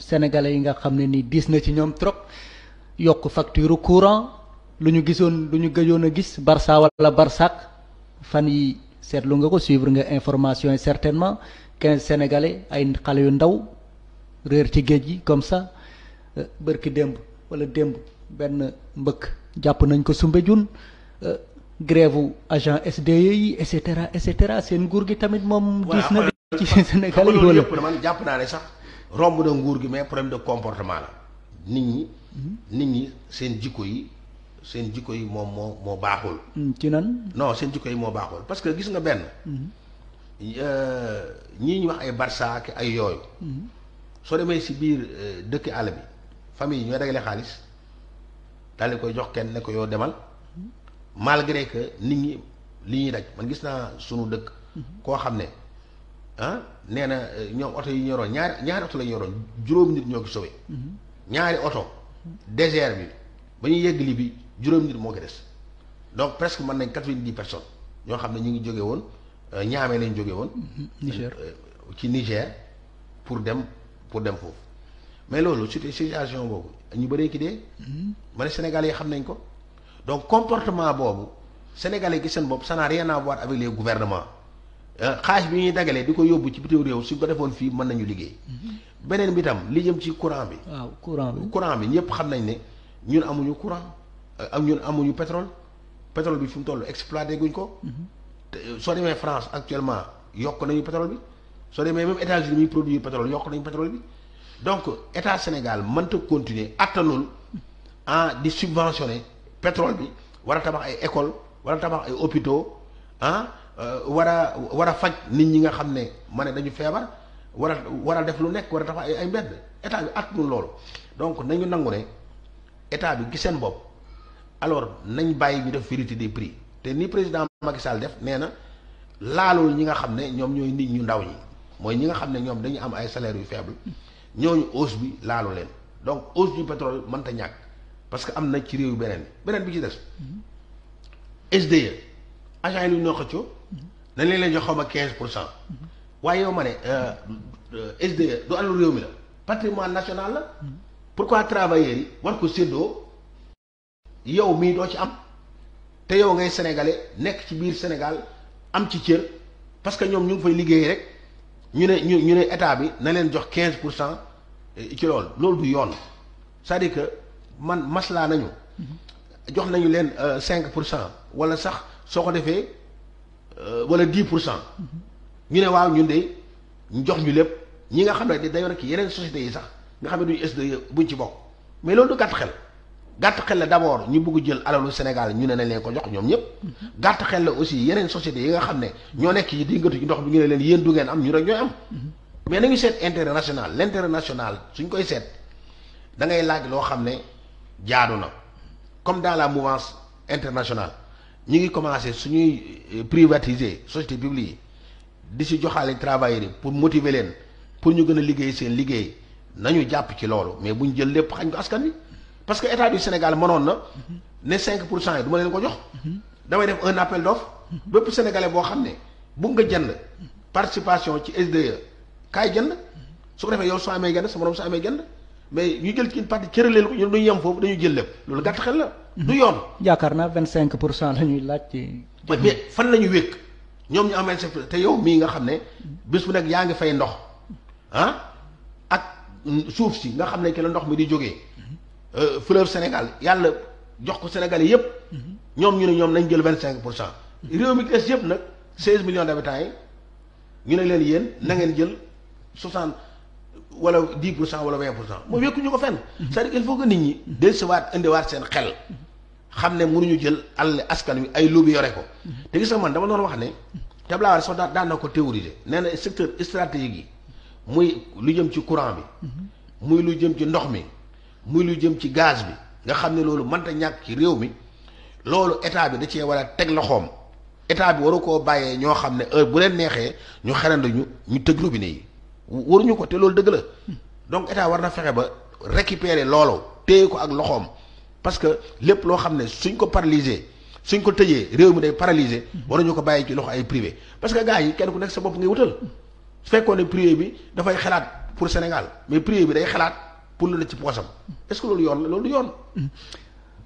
sénégalais yi nga xam ne ni diis na ci ñoom trop yokk facture courant lu ñu gisoon lu ñu gëjoon a gis Barça wala Barsak fan yi seetlu nga ko suivre nga information yi certainement quinze sénégalais ay xale yu ndaw réer ci géej gi comme ça euh, bërki démb wala démb benn mbëkk jàpp nañ ko Soumbédioune euh, grève agent SDE yi et cetera et cetera seen nguur gi tamit moom. diis na ci Sénégal yi jàpp naa ne sax. romb na nguur gi mais problème de comportement la nit ñi. Mhm. nit ñi seen jikko yi seen jikko yi moom moo moo baaxul. Mm, ci nan. non seen jikko yi moo baaxul parce que gis nga benn. Mhm. Euh, ñii ñu wax ay Barça ak ay yooyu. Mhm. soo demee si biir euh, dëkk àll bi famille yi ñooy dagale xaalis daal di koy jox kenn ne ko yoo demal malgré que nit ñi li ñuy daj man gis naa sunu dëkk. koo xam ne. ah nee na eh, ñoom oto yi ñoroon ñaari ñaari oto la ñu yoroon juróom nit ñoo ko sauvé mm-hmm. ñaari oto désert bi ba ñuy yegg li bi juróom nit moo ko des donc presque mën nañ quatre-vingt-dix personnes ñoo xam ne ñu ngi jóge woon ñaamee eh, lañ jóge woon mm-hmm. Niger eh, ci Niger pour dem pour dem foofu mais loolu situation boobu ñu bëree ki dee mm-hmm. ma ne Sénégalais yi xam nañ ko donc comportement boobu Sénégalais yi seen bopp ça n'a rien à voir avec les gouvernements xaalis bi ñuy dagalee di ko yóbbu ci bitim réew suñ ko defoon fii mën nañu liggéey. beneen bi tam li jëm ci courant bi. courant bi courant bi ñëpp xam nañ ne ñun amuñu courant euh, ak ñun amuñu pétrole pétrole bi fi mu toll exploité guñ ko. Mhm. Euh, soo demee France actuellement yokk nañu pétrole bi soo demee même États-Unis muy produire pétrole yokk nañu pétrole bi donc état Sénégal mënta continuer attanul ah di subventionner pétrole bi war a tabax ay école war a tabax ay hôpitaux ah. Euh, war a war a faj nit ñi nga xam ne ma ne dañu feebar war a war a def lu nekk war a dafa ay ay mbedd état bi attanul loolu donc nañu nangu ne état bi gis seen bopp alors nañ bàyyi ñu def vérité des prix te ni président Macky Sall def nee na laalul ñi nga xam ne ñoom ñooy nit ñu ndaw ñi mooy ñi nga xam ne ñoom dañu am ay salaires yu faible ñooñu hausse bi laalu leen donc hausse du pétrole mënta ñàkk parce que am na ci réew beneen beneen bi ci des mm-hmm. SDE agent yi lu dañ leen jox xaw ma quinze pour cent waaye yow ma ne euh, euh, SDE du alalu réew mi la patrimoine national la pourquoi travailleurs yi war ko séddoo yow mii doo ci am te yow ngay sénégalais nekk ci biir Sénégal am ci cër parce que ñoom ñu ngi fay liggéey rek ñu ne ñu ñu ne état bi na leen jox quinze pour cent euh, ci lool loolu du yoon cest à que man maslaa nañu mm-hmm. jox nañu leen cinq pour cent wala sax soo ko defee Euh, wala dix pour cent ñu ne waaw ñun de ñu jox ñu lépp ñi nga xam ne dañoo nekk yeneen sociétés yi sax nga xam ne duñu SDE buñ ci bokk mais loolu du gàtt xel gàtt xel la d'abord ñu bugg jël alalu Sénégal ñu ne na leen ko jox ñoom ñëpp gàtt xel la aussi yeneen sociétés yi nga xam ne ñoo nekk yi di ngatu ci ndox ñu ne leen yéen du ngeen am ñu rek ñooy am mais nañu seet intérêt national l'intérêt national suñ koy seet da ngay laaj loo xam ne jaadu na comme dans la mouvance internationale ñu ngi commencé suñuy euh, privatiser société publique yi di si joxaale travailleurs yi pour motiver leen pour ñu gën a liggéey seen liggéey nañu jàpp ci loolu mais bu ñu jël lépp xañ ko askan wi parce que état yu Sénégal manoon na ne cinq pour cent yi du ma leen ko jox. damay def un appel d'offre bépp sénégalais boo xam ne bu nga jënd participation ci SDE kaay jënd su ko defee yow soo amee jënd sa morom soo amee jënd. mais ñu jël ci une partie cëraleel ko ñun duñu yem foofu dañu jël lépp loolu gàtt xel la. du yoon. yaakaar naa vingt cinq pour cent la ñuy laaj ci. mais fan la ñu wékk ñoom ñu am te yow mii nga xam ne bés bu nekk yaa ngi fay ndox ah ak suuf si nga xam ne ki la ndox mi di jógee euh, fleur Sénégal yàlla jox ko Sénégalais yëpp. ñoom ñu ne ñoom nañ jël vingt cinq pour cent. réew mi des yëpp nag seize millions d'habitants yi ñu ne leen yéen na ngeen jël soixante. wala 10 pour cent wala 20 pour cent mooy wekkuñu ko fen c'est-à-dire il faut que nit ñi dellusiwaat indiwaat seen xel xam ne mënuñu jël àll askan wi ay lobby yore ko te gis nga man dama doon wax ne Abdoulaye Wade sax daan na ko théoriser nee na secteur stratégique yi muy lu jëm ci courant bi muy lu jëm ci ndox mi muy lu jëm ci gaz bi nga xam ne loolu mënta ñàkk ci réew mi loolu état bi da cee war a teg loxoom état bi waru koo bàyyee ñoo xam ne heure bu leen neexee ñu xarandañu ñu tëj robinet yi waruñu ko te loolu dëgg la donc état war na fexe ba récupérer loolu téye ko ak loxoom parce que lépp loo xam ne suñ ko paralysé suñ ko tëjee réew mi day paralysé waruñu ko bàyyi ci loxo ay privé parce que gars yi kenn ku nekk sa bopp ngay wutal su fekkoon ne privé bi dafay xalaat pour Sénégal mais privé bi day xalaat pour lu la ci poosam est-ce que loolu yoon la loolu yoon.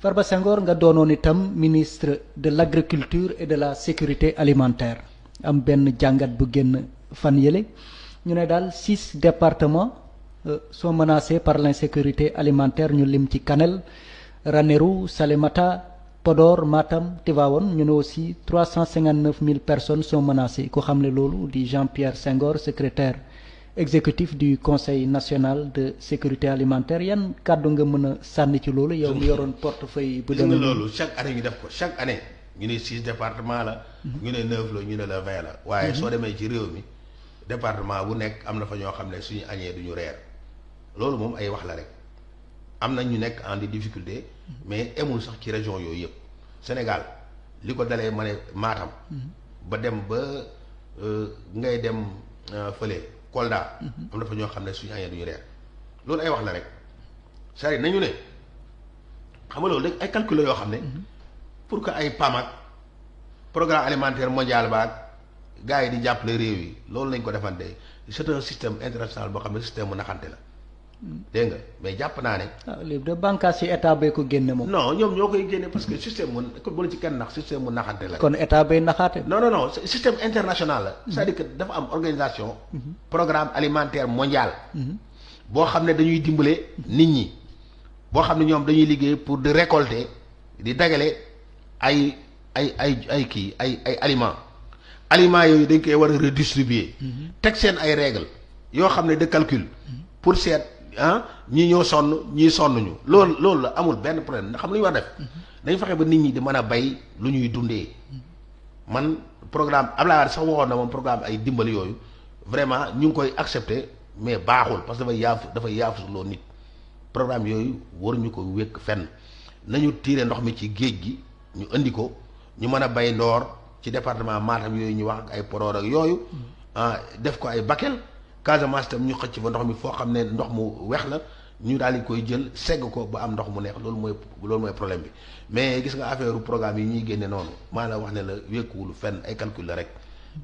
Farba Senghor nga doonoon itam ministre de l'agriculture et de la sécurité alimentaire am benn jàngat bu génn fan yële. ñu ne daal six départements euh, sont menacés par l'insécurité alimentaire ñu lim ci Kanel Ranérou Salémata Podor Matam Tivaouane ñu ne aussi trois cent cinquante neuf mille personnes sont menacées ku xam ne loolu di Jean-Pierre Senghor secrétaire exécutif du conseil national de sécurité alimentaire yan kàddu nga mën a sànni ci loolu. yow mi yoroon portefeuille bu demee loolu chaque année ñu def ko chaque année. ñu ne six département la. Mhm. ñu ne neuf la ñu ne waaye mhm. soo demee ci réew mi. département bu nekk am na fa ñoo xam ne suñu añee duñu reer loolu moom ay wax la rek am na ñu nekk en di difficulté mais emul sax ci région yooyu yëpp Sénégal li ko dalee ma ne Matam mhm. ba dem ba euh, ngay dem euh, fële Kolda mhm. am na fa ñoo xam ne suñu añee duñu reer loolu ay wax la rek cest nañu ne xam nga loolu rek ay calcul yoo xam ne mhm. pour que ay PAM ak programme alimentaire mondial baak gars yi di jàppale réew yi loolu lañ ko defante c'est un système international boo xam ne système mu naxante la. dégg nga mais jàpp naa ne. waaw ah, léegi de bànqaas yi état bay ko génne moom. non ñoom ñoo koy génne parce que système mu bu la ci kenn nax système mu naxante la. kon état bay naxaate. non non non système international la. Mhm. cest à que dafa am organisation. Mhm. programme alimentaire mondial. Mhm. boo xam ne dañuy dimbale nit ñi. boo xam ne ñoom dañuy liggéey pour di récolter di dagale ay ay ay kii ay ay aliments. aliments yooyu dañ koy war a redistribuer. teg seen ay règles yoo xam ne de calcul. pour seet ah ñi ñoo sonn ñii sonn ñu loolu loolu la amul benn problème xam lu ñu war def. dañ fexe ba nit ñi di mën a bay lu ñuy dundee. man programme Abdoulaye sax waxoon na moom programme ay dimbali yooyu vraiment ñu ngi koy accepter mais baaxul parce que dafay yaaf dafay yaafu loo nit programme yooyu waruñu ko wékk fenn nañu tiire ndox mi ci géej gi ñu indi ko ñu mën a bay ndoor. ci département Matam yooyu ñu wax ay Podor ak yooyu mm. ah def ko ay Bakel Casamance tam ñu xëcc fa ndox mi foo xam ne ndox mu weex la ñu daal di koy jël segg ko ba am ndox mu neex loolu mooy loolu mooy problème bi mais gis nga affaire programme yi ñuy génne noonu maa la wax ne la wékkuwul fenn ay calcul la rek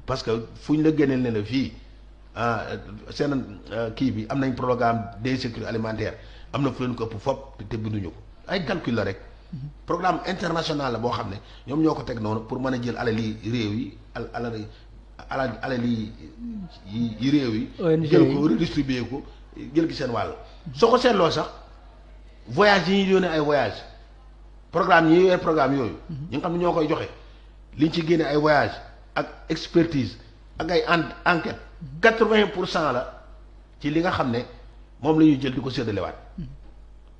parce que fu ñu la génneel ne la fii ah, seen ah, kii bi am nañ programme d'insécurité alimentaire am na fu leen ko ëpp fop te binduñu ko ay calcul la rek programme international la boo xam ne ñoom ñoo ko teg noonu pour mën a jël alali réew yi al alali alali yi réew yi. jël ko redistribuer ko jël gi seen wàll. soo ko seetloo sax voyage yi ñuy yónnee ay voyage programme yi ñuy yooyu. Mhm. ñi nga xam ne ñoo koy joxe liñ ci génne ay voyage ak expertise ak ay enquête mhm. quatre-vingt pour cent la ci li nga xam ne moom la ñuy jël di ko séddalewaat. Mhm.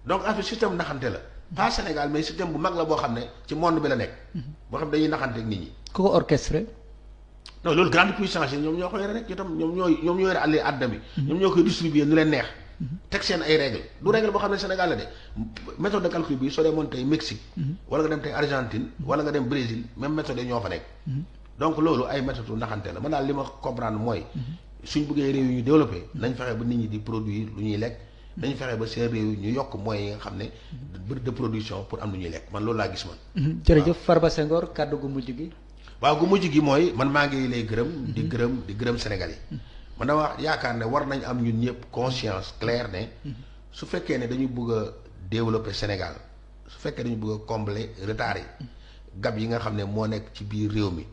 donc affaire système naxante la pas Sénégal mais système bu mag la boo xam ne ci monde bi la nekk. boo xam ne dañuy naxante ak nit ñi. ku ko orchestré. non loolu grande puissance yi ñoom ñoo ko yore rek ñoom ñooy ñoom ñoo yore mhm. ñoo koy distribuer nu leen neex. Mhm. teg seen ay règle du règle boo xam ne Sénégal la de méthode de calcul bi soo demoon tey Mexique. Mhm. wala nga dem tey Argentine. wala nga dem Brésil même méthode yi ñoo fa nekk. donc loolu ay méthode naxante la man daal li ma comprendre mooy. suñ bëggee réew yi ñu développé. nañ fexe ba nit ñi di produire lu ñuy lekk. dañu fexe ba seen réew ñu yokk mooy yi nga xam ne bëri de production pour am lu ñuy lekk man loolu laa gis man mhm. jërëjëf Farba Senghor kàddu gu mujj gi waaw gu mujj gi mooy man maa ngi lay gërëm di gërëm di gërëm Sénégal yi mhm. man dama yaakaar ne war nañ am ñun ñëpp conscience claire ne mhm. su fekkee ne dañu bëgg a développer Sénégal su fekkee dañu bëgg a combler retard yi gab yi nga xam ne moo nekk ci biir réew mi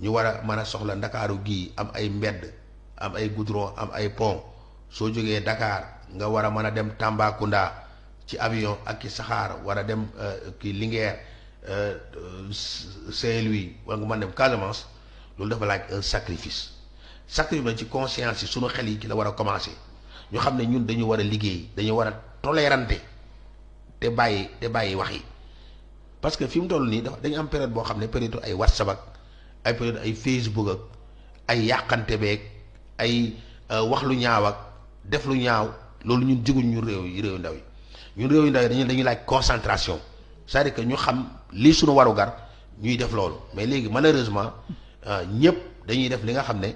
ñu war a mën a soxla ndakaaru gii am ay mbedd am ay goudron am ay pont soo jógee Dakar nga war a mën a dem Tambacounda ci avion ak ki saxaar war a dem euh, ki Linguère euh, euh, Saint-Louis wala nga mën dem Casamance loolu dafa laaj un sacrifice sacrifice na ci conscience yi sunu xel yi ci la war a commencer ñu xam ne ñun dañu war a liggéey dañu war a tolérante te bàyyi te bàyyi wax yi parce que fi mu toll nii dafa dañu am période boo xam ne période ay WhatsApp ak ay période ay Facebook ak ay yàqante beeg ay wax lu ñaaw ak def lu ñaaw. loolu ñun jiguñ ñu réew yi réew ndaw yi ñun réew yi ndaw yi dañuy dañuy concentration c'est-à-dire que ñu xam lii suñu warugar ñuy def loolu mais léegi malheureusement euh, ñëpp dañuy def li nga xam ne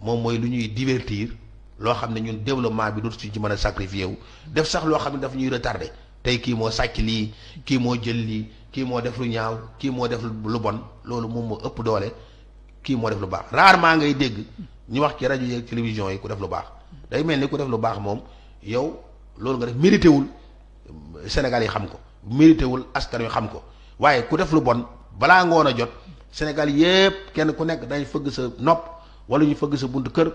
moom mooy lu ñuy divertir loo xam ne ñun développement bi dootu ci mën a sacrifié wu def sax loo xam ne daf ñuy retardé tey kii moo sàcc lii kii moo jël lii kii moo def lu ñaaw kii moo def lu bon loolu moom moo ëpp doole kii moo def lu baax maa ngay dégg ñu wax ci rajo yeeg télévision yi ku def lu baax day mel ni ku def lu baax moom yow loolu nga def mérité wul Sénégal yi xam ko mérité wul askan wi xam ko waaye ku def lu bon balaa ngoon a jot Sénégal yépp kenn ku nekk day fëgg sa nopp wala ñu fëgg sa buntu kër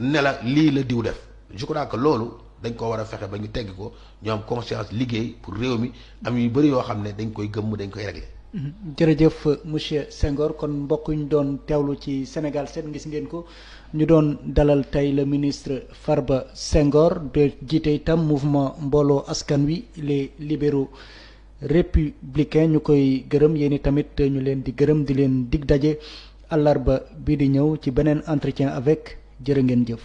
ne la lii la diw def je crois que loolu dañ koo war a fexe ba ñu tegg ko ñoom am conscience liggéey pour réew mi am yu bëri yoo xam ne dañ koy gëmm dañ koy régler Mhm. jërëjëf monsieur sengor kon mbokk ñu doon teewlu ci Sénégal 7 gis ngeen ko ñu doon dalal tey la ministre Farba Senghor de jiite itam mouvement mbooloo askan wi les libéraux républicains ñu koy gërëm yéen i tamit ñu leen di gërëm di leen dig daje àllarba bii di ñëw ci beneen entretien avec jërë ngeen jëf.